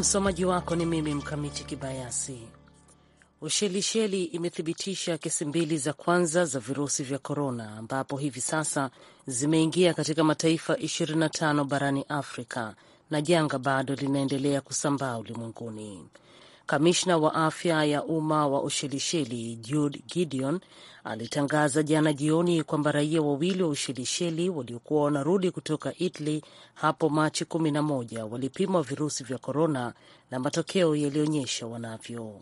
Msomaji wako ni mimi Mkamiti Kibayasi. Ushelisheli imethibitisha kesi mbili za kwanza za virusi vya korona, ambapo hivi sasa zimeingia katika mataifa 25 barani Afrika na janga bado linaendelea kusambaa ulimwenguni. Kamishna wa afya ya umma wa Ushelisheli Jude Gideon alitangaza jana jioni kwamba raia wawili wa Ushelisheli waliokuwa wanarudi kutoka Italy hapo Machi 11 walipimwa virusi vya korona na matokeo yalionyesha wanavyo.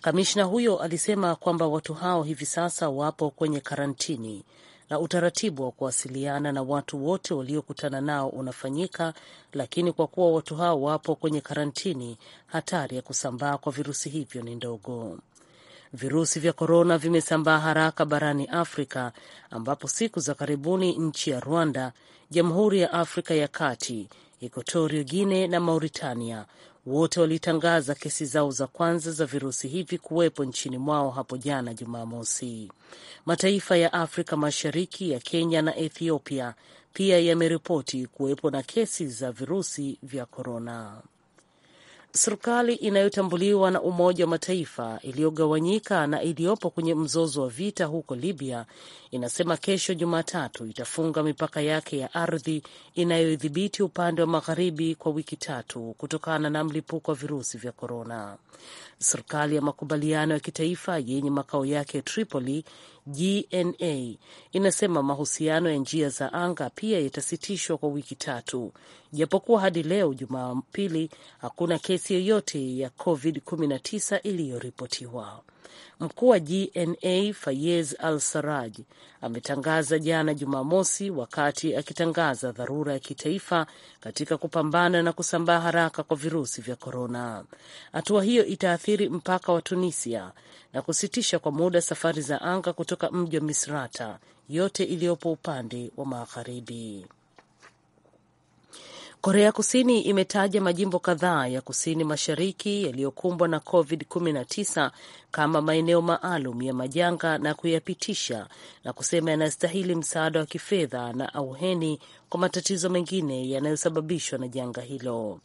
Kamishna huyo alisema kwamba watu hao hivi sasa wapo kwenye karantini na utaratibu wa kuwasiliana na watu wote waliokutana nao unafanyika, lakini kwa kuwa watu hao wapo kwenye karantini, hatari ya kusambaa kwa virusi hivyo ni ndogo. Virusi vya korona vimesambaa haraka barani Afrika, ambapo siku za karibuni nchi ya Rwanda, Jamhuri ya Afrika ya Kati, Equatorio Guine na Mauritania wote walitangaza kesi zao za kwanza za virusi hivi kuwepo nchini mwao hapo jana Jumamosi. Mataifa ya Afrika Mashariki ya Kenya na Ethiopia pia yameripoti kuwepo na kesi za virusi vya korona serikali inayotambuliwa na Umoja wa Mataifa iliyogawanyika na iliyopo kwenye mzozo wa vita huko Libya inasema kesho Jumatatu itafunga mipaka yake ya ardhi inayodhibiti upande wa magharibi kwa wiki tatu kutokana na mlipuko wa virusi vya korona. Serikali ya makubaliano ya kitaifa yenye makao yake Tripoli GNA inasema mahusiano ya njia za anga pia yatasitishwa kwa wiki tatu, japokuwa hadi leo Jumapili hakuna kesi yoyote ya COVID-19 iliyoripotiwa. Mkuu wa GNA Fayez Al Saraj ametangaza jana Jumamosi, wakati akitangaza dharura ya kitaifa katika kupambana na kusambaa haraka kwa virusi vya korona. Hatua hiyo itaathiri mpaka wa Tunisia na kusitisha kwa muda safari za anga kutoka mji wa Misrata yote iliyopo upande wa magharibi. Korea Kusini imetaja majimbo kadhaa ya kusini mashariki yaliyokumbwa na COVID-19 kama maeneo maalum ya majanga na kuyapitisha na kusema yanastahili msaada wa kifedha na auheni kwa matatizo mengine yanayosababishwa na janga hilo.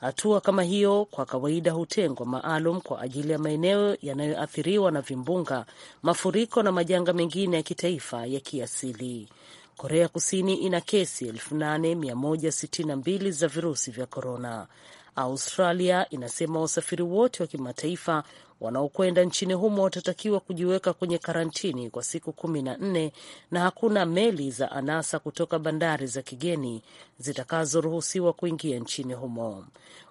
Hatua kama hiyo kwa kawaida hutengwa maalum kwa ajili ya maeneo yanayoathiriwa na vimbunga, mafuriko na majanga mengine ya kitaifa ya kiasili. Korea Kusini ina kesi 8162 za virusi vya korona. Australia inasema wasafiri wote wa kimataifa wanaokwenda nchini humo watatakiwa kujiweka kwenye karantini kwa siku kumi na nne na hakuna meli za anasa kutoka bandari za kigeni zitakazoruhusiwa kuingia nchini humo.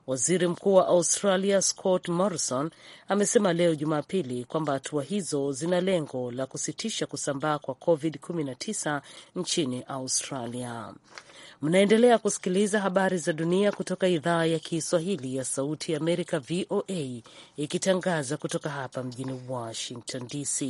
Waziri Mkuu wa Australia Scott Morrison amesema leo Jumapili kwamba hatua hizo zina lengo la kusitisha kusambaa kwa COVID-19 nchini Australia. Mnaendelea kusikiliza habari za dunia kutoka idhaa ya Kiswahili ya Sauti ya Amerika, VOA, ikitangaza kutoka hapa mjini Washington DC.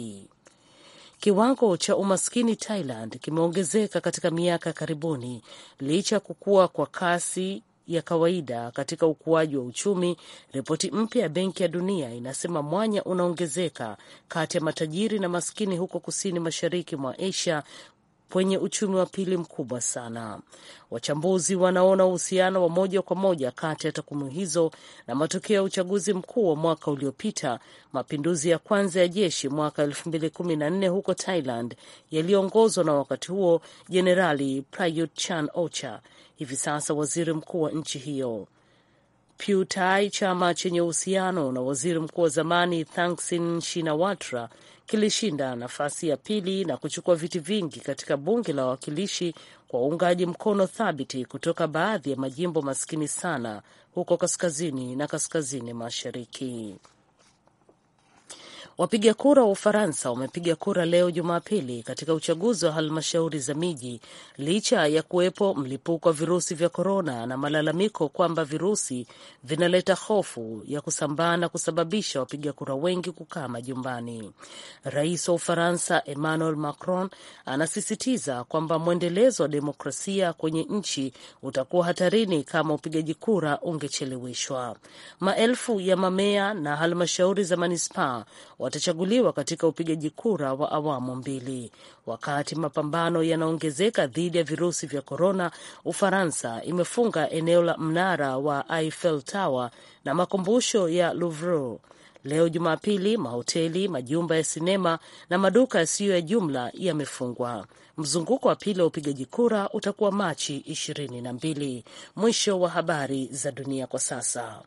Kiwango cha umaskini Thailand kimeongezeka katika miaka ya karibuni licha ya kukua kwa kasi ya kawaida katika ukuaji wa uchumi. Ripoti mpya ya Benki ya Dunia inasema mwanya unaongezeka kati ya matajiri na maskini huko kusini mashariki mwa Asia kwenye uchumi wa pili mkubwa sana. Wachambuzi wanaona uhusiano wa moja kwa moja kati ya takwimu hizo na matokeo ya uchaguzi mkuu wa mwaka uliopita, mapinduzi ya kwanza ya jeshi mwaka 2014 huko Thailand yaliyoongozwa na wakati huo Jenerali Prayut Chan Ocha, hivi sasa waziri mkuu wa nchi hiyo. Pheu chama chenye uhusiano na waziri mkuu wa zamani Thaksin Shinawatra kilishinda nafasi ya pili na kuchukua viti vingi katika bunge la wawakilishi kwa uungaji mkono thabiti kutoka baadhi ya majimbo maskini sana huko kaskazini na kaskazini mashariki. Wapiga kura wa Ufaransa wamepiga kura leo Jumapili katika uchaguzi wa halmashauri za miji licha ya kuwepo mlipuko wa virusi vya korona na malalamiko kwamba virusi vinaleta hofu ya kusambaa na kusababisha wapiga kura wengi kukaa majumbani. Rais wa Ufaransa Emmanuel Macron anasisitiza kwamba mwendelezo wa demokrasia kwenye nchi utakuwa hatarini kama upigaji kura ungecheleweshwa. Maelfu ya mamea na halmashauri za manispaa watachaguliwa katika upigaji kura wa awamu mbili. Wakati mapambano yanaongezeka dhidi ya virusi vya korona, Ufaransa imefunga eneo la mnara wa Eiffel Tower na makumbusho ya Louvre. Leo Jumapili, mahoteli, majumba ya sinema na maduka yasiyo ya jumla yamefungwa. Mzunguko wa pili wa upigaji kura utakuwa Machi ishirini na mbili. Mwisho wa habari za dunia kwa sasa.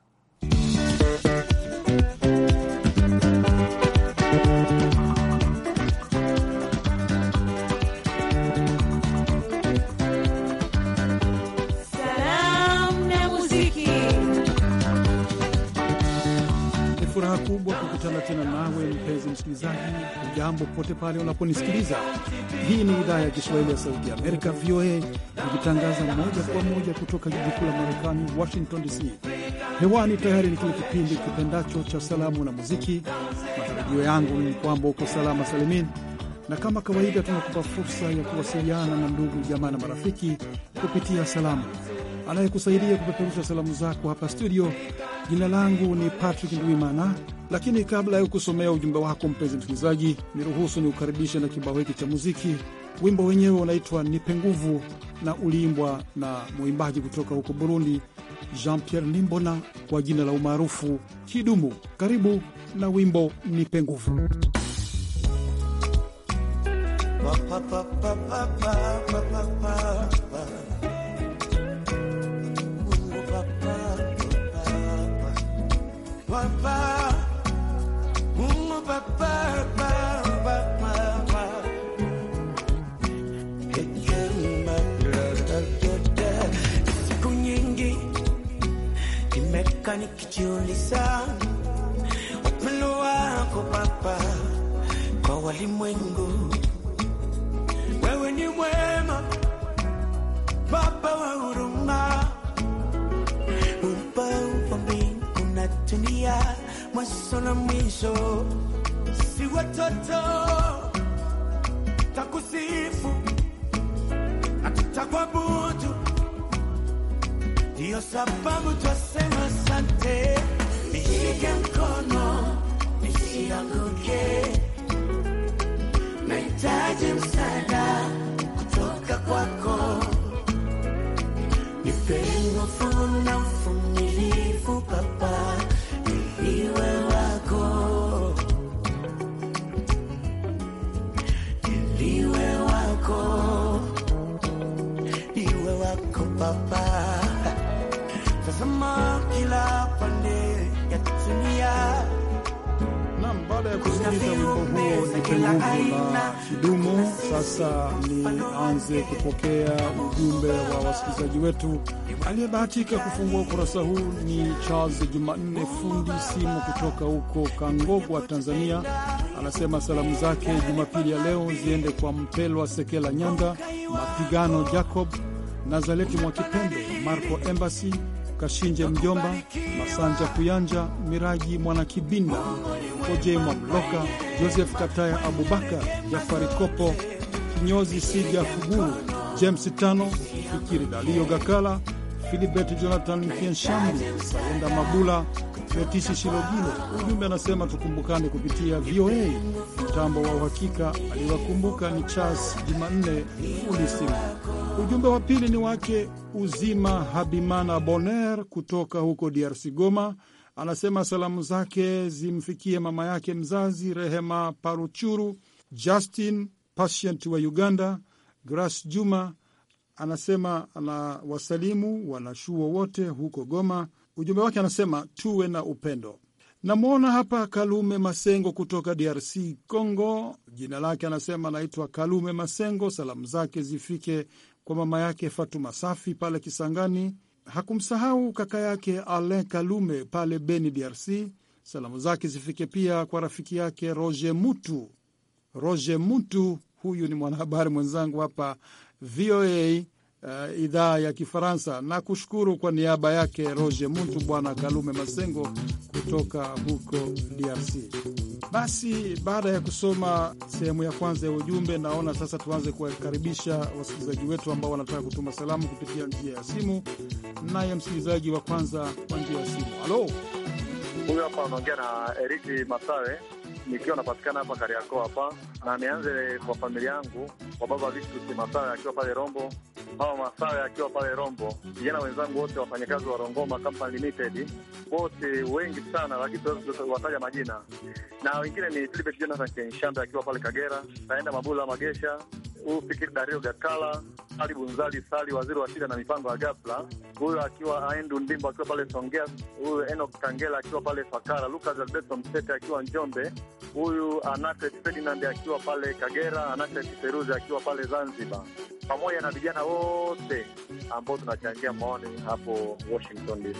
furaha kubwa kukutana tena nawe mpenzi msikilizaji, ujambo popote pale unaponisikiliza. Hii ni idhaa ya Kiswahili ya Sauti ya Amerika, VOA, ikitangaza moja kwa moja kutoka jiji kuu la Marekani, Washington DC. Hewani tayari ni kile kipindi kipendacho cha salamu na muziki. Matarajio yangu ni kwamba uko salama salimini, na kama kawaida tunakupa fursa ya kuwasiliana na ndugu, jamaa na marafiki kupitia salamu. Anayekusaidia kupeperusha salamu zako hapa studio Jina langu ni Patrick Ndwimana, lakini kabla ya kusomea ujumbe wako mpenzi msikilizaji, niruhusu ni ukaribishe na kibao hiki cha muziki. Wimbo wenyewe unaitwa Nipe Nguvu na uliimbwa na mwimbaji kutoka huko Burundi, Jean Pierre Nimbona, kwa jina la umaarufu Kidumu. Karibu na wimbo Nipe Nguvu. Nikijiuliza upendo wako Baba kwa walimwengu, wewe ni mwema Baba wa huruma. dunia, mwanzo na mwisho, si watoto takusifu na tutakuabudu, ndiyo sababu twasema asante. Nishike mkono nisianguke, nahitaji msaada kutoka kwako, nipe nguvu na Baada ya kusikiliza wimbo huo nipe nguvu na kidumu, sasa nianze kupokea ujumbe wa wasikilizaji wetu. Aliyebahatika kufungua ukurasa huu ni Charles Jumanne, fundi simu kutoka huko Kangogwa, Tanzania. Anasema salamu zake Jumapili ya leo ziende kwa Mpelwa Sekela, Nyanda Mapigano, Jacob Nazareti Mwakipembe, Marco Embassy Kashinje, mjomba Masanja Kuyanja, Miraji Mwanakibinda OJ Mamloka, Joseph Kataya Abubakar, Jafari Kopo, Kinyozi Sija Fuguru, James Tano, Fikiri Dalio Gakala, Filibert Jonathan kienshambi Sayenda Mabula, Letishi Shilogile. Ujumbe anasema tukumbukane kupitia VOA. Mtambo wa uhakika aliwakumbuka ni Charles Jumanne Ulisima. Ujumbe wa pili ni wake Uzima Habimana Boner kutoka huko DRC Goma. Anasema salamu zake zimfikie mama yake mzazi Rehema Paruchuru, Justin Patient wa Uganda, Grace Juma. Anasema anawasalimu wanashuo wote huko Goma. Ujumbe wake anasema tuwe na upendo. Namwona hapa Kalume Masengo kutoka DRC Congo. Jina lake anasema anaitwa Kalume Masengo. Salamu zake zifike kwa mama yake Fatuma Safi pale Kisangani, Hakumsahau kaka yake Alain Kalume pale Beni, DRC. Salamu zake zifike pia kwa rafiki yake Roger Mutu. Roger Mutu huyu ni mwanahabari mwenzangu hapa VOA uh, idhaa ya Kifaransa na kushukuru kwa niaba yake Roger Muntu, Bwana Kalume Masengo kutoka huko DRC. Basi baada ya kusoma sehemu ya kwanza ya ujumbe, naona sasa tuanze kuwakaribisha wasikilizaji wetu ambao wanataka kutuma salamu kupitia njia ya simu. Naye msikilizaji wa kwanza kwa njia ya simu, halo, huyu hapa anaongea na Eriki Masawe nikiwa napatikana hapa Kariakoo hapa, na nianze kwa familia yangu, kwa baba Vitus Masawe akiwa pale Rombo, mama Masawe akiwa pale Rombo, vijana wenzangu wote wafanyakazi wa Rongoma Company Limited, wote wengi sana, lakini siwezi kuwataja majina, na wengine ni Philip Jonathan Kenshambe akiwa pale Kagera, naenda Mabula Magesha huyu Fikiri Dario Gakala, Ali Bunzali Sali, waziri wa shida na mipango ya ghafla, huyu akiwa Aendu Ndimbo akiwa pale Songea, huyu Enok Kangela akiwa pale Fakara, Lukas Alberto Msete akiwa Njombe, huyu Anate Ferdinand akiwa pale Kagera, Anate Feruzi akiwa pale Zanzibar, pamoja na vijana wote ambao tunachangia maoni hapo Washington DC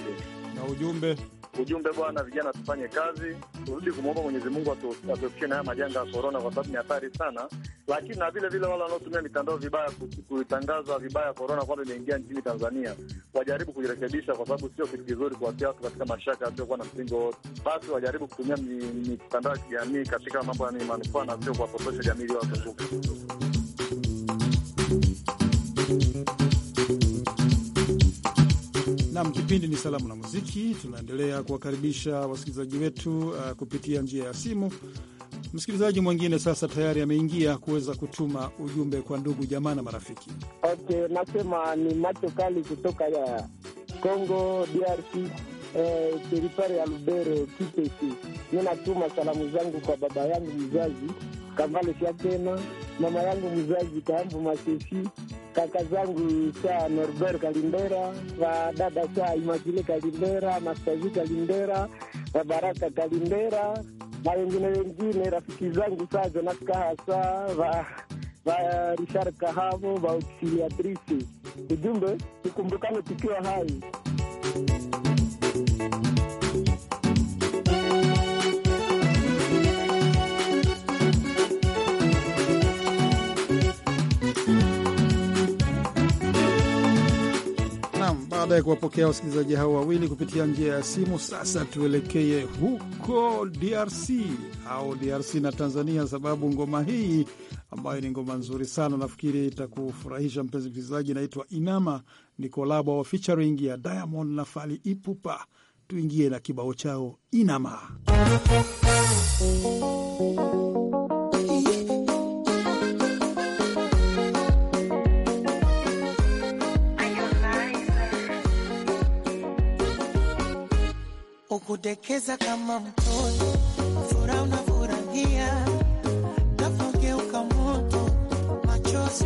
na ujumbe Ujumbe bwana, vijana tufanye kazi, turudi kumwomba Mwenyezi Mungu atuepushe na haya majanga ya korona, kwa sababu ni hatari sana, lakini na vile vile wale wanaotumia mitandao vibaya kuitangaza vibaya korona kwamba imeingia nchini Tanzania wajaribu kujirekebisha, kwa sababu sio kitu kizuri kuwatia watu katika mashaka asiokuwa na msingi wowote. Basi wajaribu kutumia mitandao ya kijamii katika mambo yenye manufaa na sio kuwapotosha jamii iliyowazunguka. Nam, kipindi ni salamu na muziki. Tunaendelea kuwakaribisha wasikilizaji wetu uh, kupitia njia ya simu. Msikilizaji mwingine sasa tayari ameingia kuweza kutuma ujumbe kwa ndugu jamaa na marafiki. Okay, nasema ni macho kali kutoka ya Congo DRC, eh, ya Lubero Kitesi. Mi natuma salamu zangu kwa baba yangu mzazi Kambale Shatena, mama yangu mzazi Kaambu Masesi kaka zangu saa Norbert Kalimbera, wa dada saa Imajili Kalimbera, Mastazi Kalimbera, wa Baraka Kalimbera na wengine wengine, rafiki zangu saa Jonas Kahasa wa wa Richard Kahavo wa Auxiliatrice. Ujumbe, tukumbukane tukiwa hai. baada ya kuwapokea wasikilizaji hao wawili kupitia njia ya simu, sasa tuelekee huko DRC au DRC na Tanzania, sababu ngoma hii ambayo ni ngoma nzuri sana, nafikiri itakufurahisha mpenzi msikilizaji. Inaitwa Inama, ni kolabo featuring ya Diamond na Fali Ipupa. Tuingie na kibao chao Inama. kudekeza kama mtoto, furaha unafurahia, napogeuka moto, machozi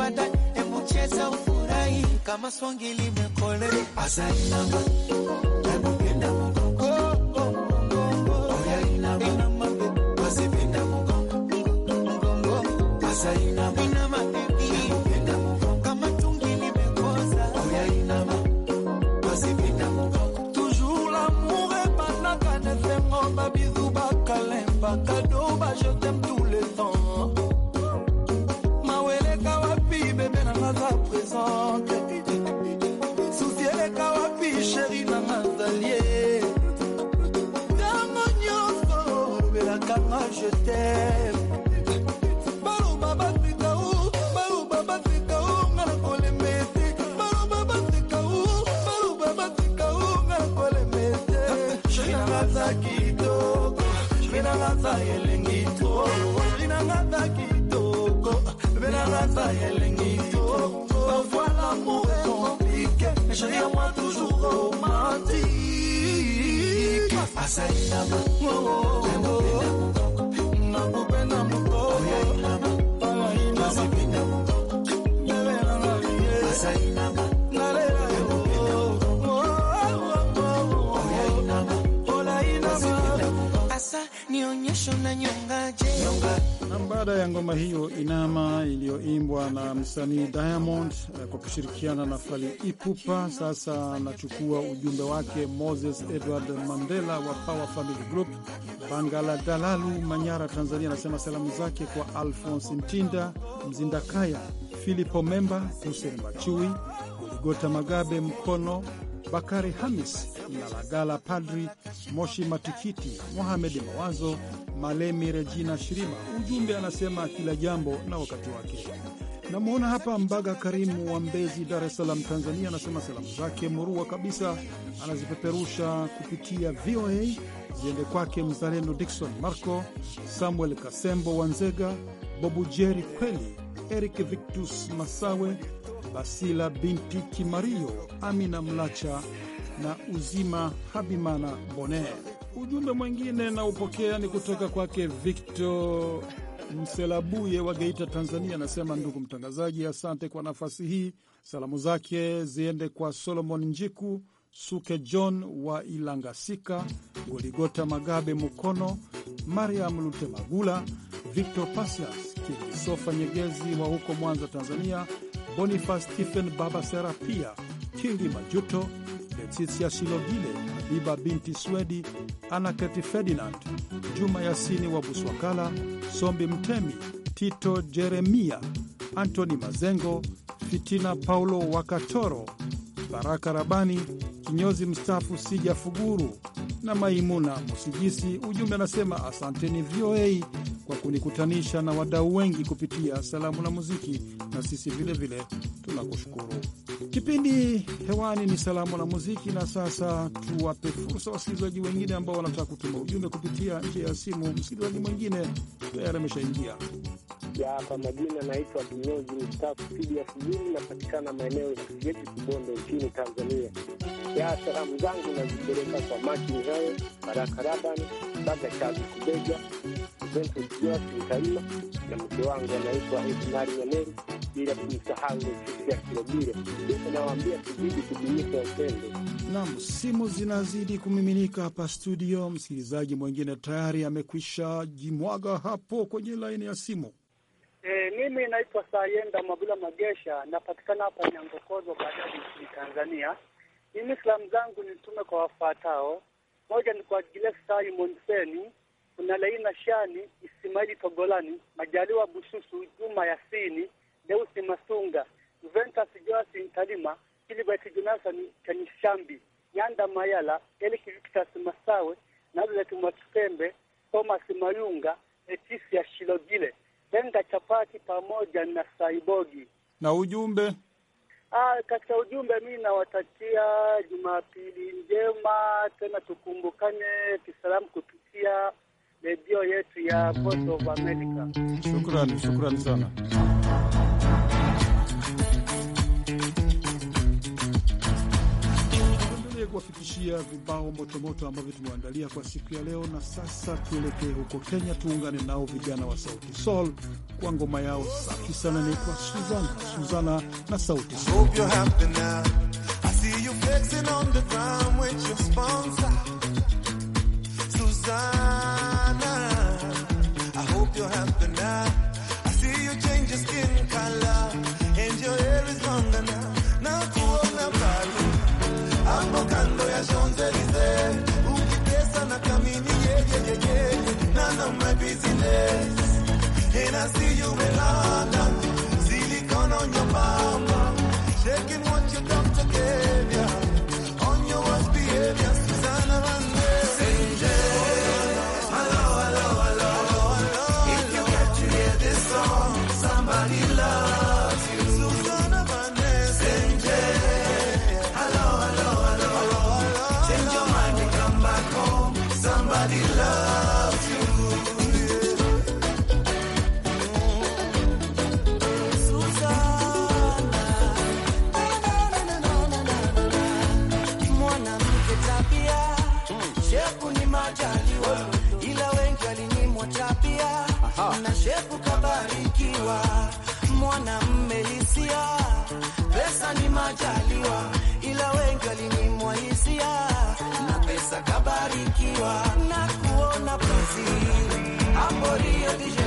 ukipata, hebu cheza ufurahi kama swangi limekole Asa nionyesho na nyongaje na baada ya ngoma hiyo Inama iliyoimbwa na msanii Diamond eh, kwa kushirikiana na fali Ipupa, sasa anachukua ujumbe wake Moses Edward Mandela wa Power Family Group, Bangala Dalalu, Manyara, Tanzania. Anasema salamu zake kwa Alphonse Mtinda, Mzindakaya, Filipo Memba, Husen Machui, Gota Magabe Mkono Bakari Hamis Nalagala Padri Moshi Matikiti, Mohamedi Mawazo Malemi, Regina Shirima. Ujumbe anasema kila jambo na wakati wake. Namwona hapa Mbaga Karimu wa Mbezi, Dar es Salaam, Tanzania, anasema salamu zake murua kabisa anazipeperusha kupitia VOA ziende kwake mzalendo Dikson Marco, Samuel Kasembo Wanzega, Bobu Jeri Kweli, Eric Victus Masawe, Basila binti Kimario, Amina Mlacha na Uzima Habimana Bone. Ujumbe mwingine naupokea ni kutoka kwake Victor Mselabuye wa Geita, Tanzania. Anasema, ndugu mtangazaji, asante kwa nafasi hii. Salamu zake ziende kwa Solomon Njiku Suke, John wa Ilangasika, Goligota Magabe Mukono, Mariam Lutemagula, Victor Pasias Kilisofa Nyegezi wa huko Mwanza, Tanzania, Boniface Stephen, Baba Serapia Kingi Majuto, letisia Silogile, Habiba binti Swedi, Anaketi Ferdinand, Juma Yasini wa Buswakala, Sombi Mtemi, Tito Jeremia, Antoni Mazengo, Fitina Paulo Wakatoro, Baraka Rabani, kinyozi mstaafu Sija Fuguru na Maimuna Musijisi. Ujumbe anasema asanteni VOA kwa kunikutanisha na wadau wengi kupitia salamu na muziki na sisi vilevile tunakushukuru. Kipindi hewani ni salamu na muziki, na sasa tuwape fursa wasikilizaji wengine ambao wanataka kutuma ujumbe kupitia njia ya simu. Msikilizaji mwingine tayari ameshaingia. Ya, kwa majina naitwa Kinyozi mstaafu Pidia Sijini, napatikana maeneo ya Kigeti, Kibondo nchini Tanzania. Ya, salamu zangu nazipeleka kwa Maki Hayo Baraka Rabani Baga Chazi Kubega Benson Joasi Mtaima na mke wangu anaitwa Edmari Nyameri, bila kumsahau Sisia Kilobile. Yote nawaambia tuzidi kudumisha upendo. Nam, simu zinazidi kumiminika hapa studio. Msikilizaji mwingine tayari amekwisha jimwaga hapo kwenye laini ya simu. E, mimi naitwa Sayenda Mabula Magesha, napatikana hapa Nyangokozo, Kadabi nchini Tanzania. Mimi salamu zangu nitume kwa wafuatao: moja ni kwa Gile Simon Seni kuna Laina Shani, Ismaili Togolani, Majaliwa Bususu, Juma Yasini, Deusi Masunga, Juventus Joasi Ntalima, Silibert Jonathan Kanishambi, Nyanda Mayala, Elik Victas Masawe, Nazareth Mwakipembe, Thomas Mayunga, ya Shilogile, Benga Chapati pamoja na Saibogi. Na ujumbe Ah, katika ujumbe mi nawatakia Jumapili njema, tena tukumbukane kisalamu kupitia redio yetu ya Voice of America. Shukrani, shukrani sana. kuwafikishia vibao motomoto ambavyo tumeandalia kwa siku ya leo. Na sasa tuelekee huko Kenya, tuungane nao vijana wa Sauti Sol kwa ngoma yao safi sana, ni kwa Suzana Suzana na Sauti Sol. Suzana shaking. kajaliwa, ila wengi walinyimwa hisia na pesa kabarikiwa na kuona pozi hapo Rio de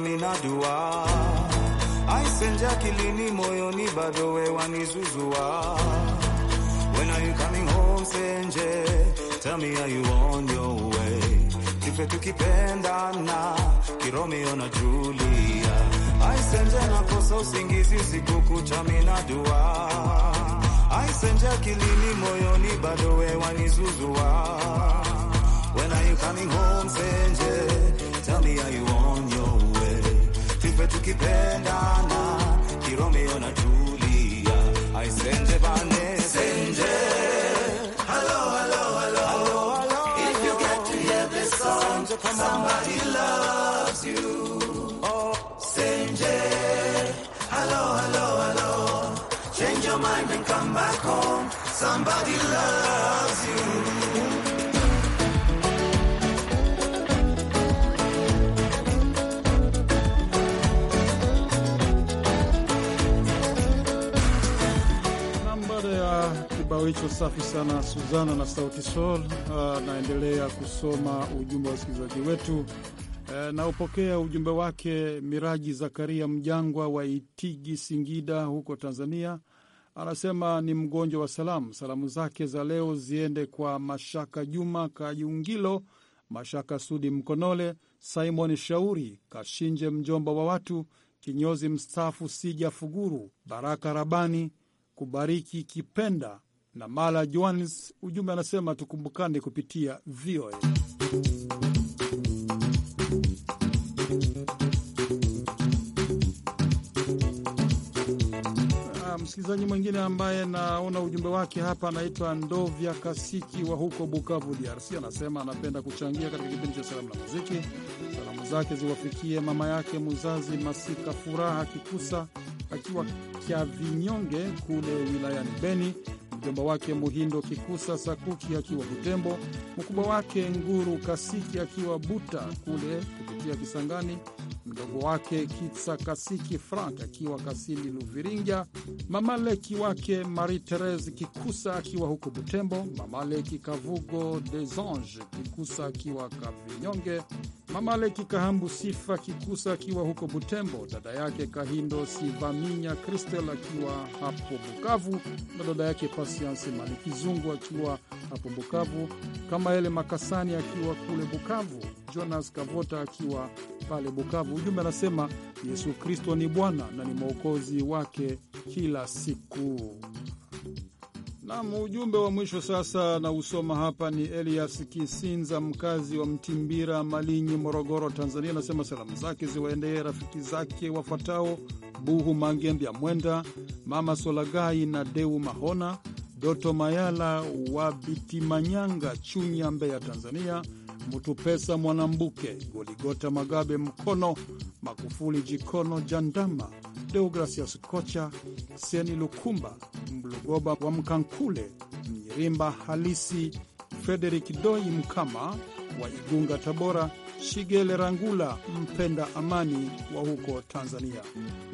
nami na dua aisenja kilini moyoni bado wewe nizuzua When are you coming home Senje tell me are you on your way Tupe tukipendana kiromeo na Julia aisenja nakosa usingizi usiku kucha mimi na dua aisenja kilini moyoni bado wewe nizuzua When are you coming home Senje tell me are you on your tuwe tukipendana Kiromeo na Julia aisenje bane senje hello hello hello if you get to hear this song somebody loves you oh senje hello hello hello change your mind and come back home somebody loves you kibao hicho safi sana Suzana na Sauti Sol. Ah, naendelea kusoma ujumbe wa wasikilizaji wetu. Eh, naupokea ujumbe wake Miraji Zakaria Mjangwa wa Itigi, Singida huko Tanzania. Anasema ni mgonjwa wa salamu. Salamu zake za leo ziende kwa Mashaka Juma Kayungilo, Mashaka Sudi Mkonole, Simon Shauri Kashinje, mjomba wa watu, kinyozi mstaafu Sija Fuguru, Baraka Rabani, Kubariki Kipenda na Mala joans Ujumbe anasema tukumbukane kupitia VOA. Ah, msikilizaji mwingine ambaye naona ujumbe wake hapa anaitwa Ndovya Kasiki wa huko Bukavu, DRC. Anasema anapenda kuchangia katika kipindi cha salamu na muziki. Salamu zake ziwafikie mama yake muzazi Masika Furaha Kikusa akiwa Kyavinyonge kule wilayani Beni, mjomba wake Muhindo Kikusa Sakuki akiwa Butembo, mkubwa wake Nguru Kasiki akiwa Buta kule kupitia Kisangani, mdogo wake Kitsa Kasiki Frank akiwa Kasindi luviringa mamaleki wake Marie Therese Kikusa akiwa huko Butembo, mamaleki Kavugo Desange Kikusa akiwa Kavinyonge, Mamaleki Kahambu Sifa Kikusa akiwa huko Butembo, dada yake Kahindo Sivaminya Kristel akiwa hapo Bukavu na dada yake Pasiansi Malikizungu Kizungu akiwa hapo Bukavu, kama ele Makasani akiwa kule Bukavu, Jonas Kavota akiwa pale Bukavu. Ujumbe anasema Yesu Kristo ni Bwana na ni mwokozi wake kila siku. Nam, ujumbe wa mwisho sasa na usoma hapa ni Elias Kisinza, mkazi wa Mtimbira, Malinyi, Morogoro, Tanzania. Anasema salamu zake ziwaendee rafiki zake wafuatao: Buhu Mangembya Mwenda, Mama Solagai na Deu Mahona, Doto Mayala wa Bitimanyanga, Chunya, Mbeya, Tanzania. Mutupesa Mwanambuke, Goligota Magabe, Mkono Makufuli, Jikono Jandama, Deogracias Kocha, Seni Lukumba, Mlugoba wa Mkankule, Mnyirimba Halisi, Frederik Doi Mkama wa Igunga, Tabora, Shigelerangula, mpenda amani wa huko Tanzania.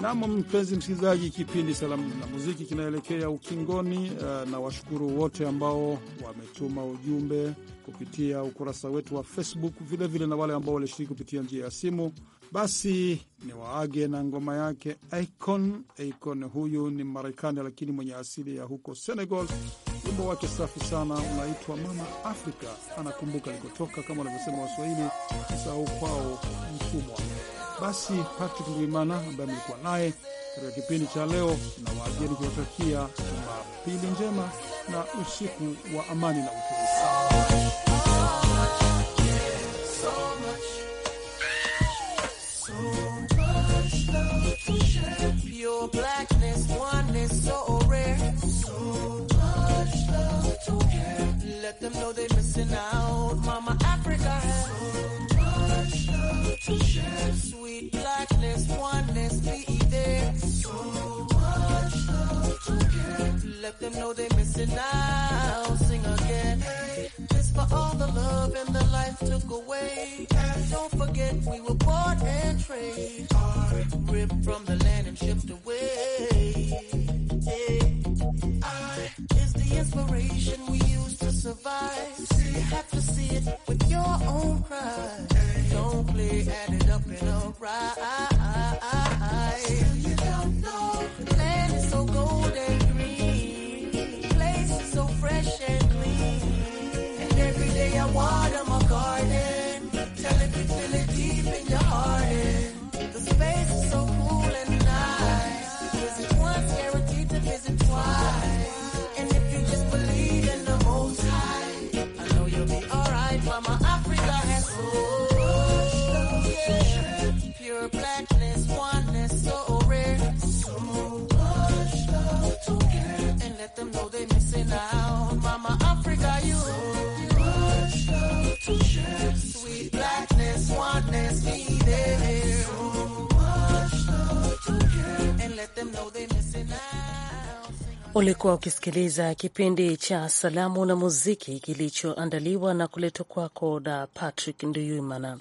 nam mpenzi msikilizaji, kipindi Salamu na Muziki kinaelekea ukingoni, eh, na washukuru wote ambao wametuma ujumbe kupitia ukurasa wetu wa Facebook, vilevile vile na wale ambao walishiriki kupitia njia ya simu. Basi ni waage na ngoma yake Icon. Icon huyu ni Marekani, lakini mwenye asili ya huko Senegal. Wimbo wake safi sana unaitwa Mama Afrika, anakumbuka alikotoka kama wanavyosema Waswahili, kusahau kwao mtumwa. Basi Patrick Ndwimana ambaye amekuwa naye katika kipindi cha leo na waajia nikiwatakia Jumapili njema na usiku wa amani na utulivu. them know they missing out. Mama Africa has so much to share. Sweet blackness, oneness, be there. So much love to give. Let them know they are missing out. Sing again. just for all the love and the life took away. And don't forget we were born and trained. Ripped from the land and shipped away inspiration we used to survive. You have to see it with your own pride. Don't play add it up and alright. Ulikuwa ukisikiliza kipindi cha Salamu na Muziki kilichoandaliwa na kuletwa kwako na Patrick Nduyumana.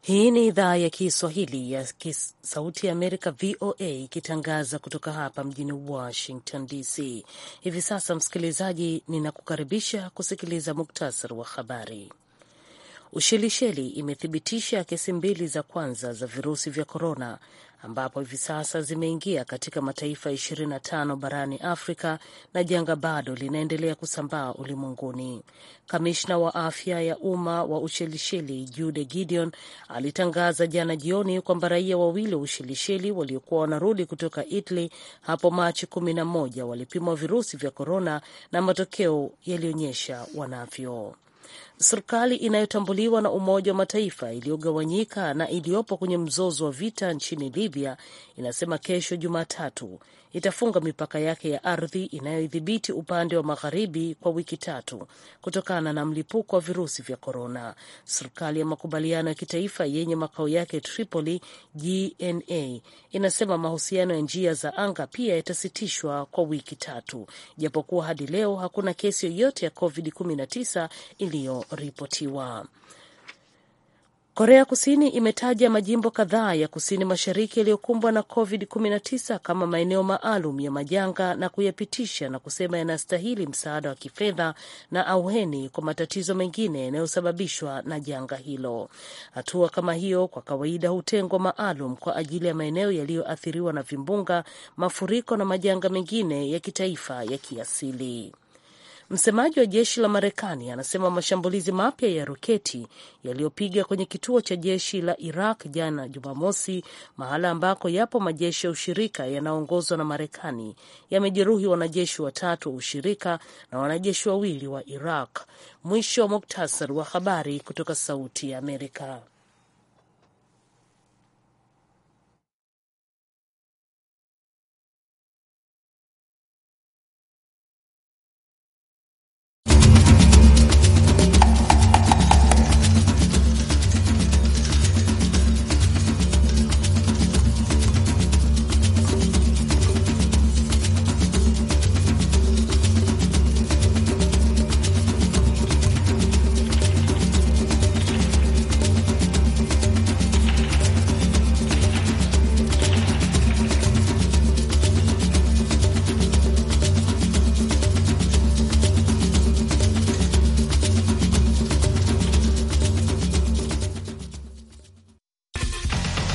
Hii ni idhaa ya Kiswahili ya Sauti ya Amerika, VOA, ikitangaza kutoka hapa mjini Washington DC. Hivi sasa, msikilizaji, ninakukaribisha kusikiliza muktasari wa habari. Ushelisheli imethibitisha kesi mbili za kwanza za virusi vya korona ambapo hivi sasa zimeingia katika mataifa 25 barani Afrika na janga bado linaendelea kusambaa ulimwenguni. Kamishna wa afya ya umma wa Ushelisheli Jude Gideon alitangaza jana jioni kwamba raia wawili wa Ushelisheli waliokuwa wanarudi kutoka Italy hapo Machi 11 walipimwa virusi vya korona na matokeo yalionyesha wanavyo serikali inayotambuliwa na Umoja wa Mataifa iliyogawanyika na iliyopo kwenye mzozo wa vita nchini Libya inasema kesho Jumatatu itafunga mipaka yake ya ardhi inayoidhibiti upande wa magharibi kwa wiki tatu kutokana na mlipuko wa virusi vya korona. Serikali ya makubaliano ya kitaifa yenye makao yake Tripoli, GNA, inasema mahusiano ya njia za anga pia yatasitishwa kwa wiki tatu, japokuwa hadi leo hakuna kesi yoyote ya COVID-19 iliyoripotiwa. Korea Kusini imetaja majimbo kadhaa ya kusini mashariki yaliyokumbwa na COVID-19 kama maeneo maalum ya majanga na kuyapitisha na kusema yanastahili msaada wa kifedha na auheni kwa matatizo mengine yanayosababishwa na janga hilo. Hatua kama hiyo kwa kawaida hutengwa maalum kwa ajili ya maeneo yaliyoathiriwa na vimbunga, mafuriko na majanga mengine ya kitaifa ya kiasili. Msemaji wa jeshi la Marekani anasema mashambulizi mapya ya roketi yaliyopiga kwenye kituo cha jeshi la Iraq jana Jumamosi, mahala ambako yapo majeshi ya ushirika yanaongozwa na Marekani, yamejeruhi wanajeshi watatu wa ushirika na wanajeshi wawili wa Iraq. Mwisho wa muktasari wa habari kutoka Sauti ya Amerika.